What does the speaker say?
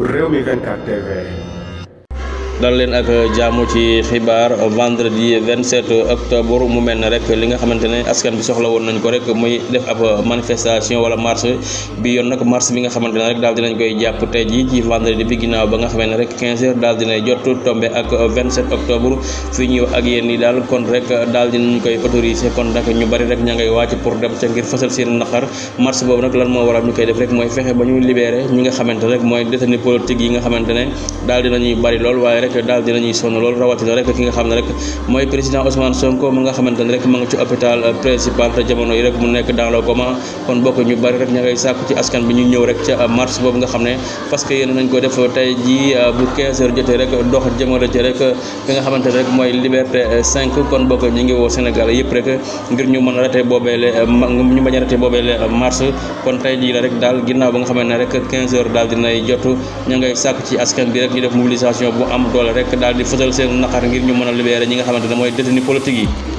Real Megan Cat TV. dal leen ak jaamu ci xibaar vendredi 27 octobre mu mel ne rek li nga xamante ne askan bi soxla woon nañ ko rek muy def ab manifestation wala marche bi yoon nag marche bi nga xamante ne rek daal dinañ koy jàpp tey jii ci vendredi bi ginnaaw ba nga xamante ne rek 15 heures daal dinay jot tombé ak daal kon rek daal dinañ koy autorisé kon nag ñu bari rek ña ngay wàcc pour dem ca ngir fësal seen naqar marche boobu nag lan moo waral ñu koy def rek mooy fexe ba ñu libéré ñi nga xamante ne rek mooy détenu politique yi nga xamante ne daal dinañuy bari lool waaye rek daal dinañuy sonn loolu rawatina rek ki nga xam ne rek mooy président Ousmane Sonko mu nga xamante rek ma nga ci kon bokk ko euh, ñu ngi woo Sénégal yëpp rek ngir ñu mën a ratee boobee euh, a euh, kon tey jii la rek daal ginnaaw ba nga xamante ne rek 15 heures daal dinay jot ña ngay sàkku ci askan bi rek ñu def mobilisation bu am doole rek daal di fësal seen naqar ngir ñu mën a libéré ñi nga xamante ne mooy détenu politique yi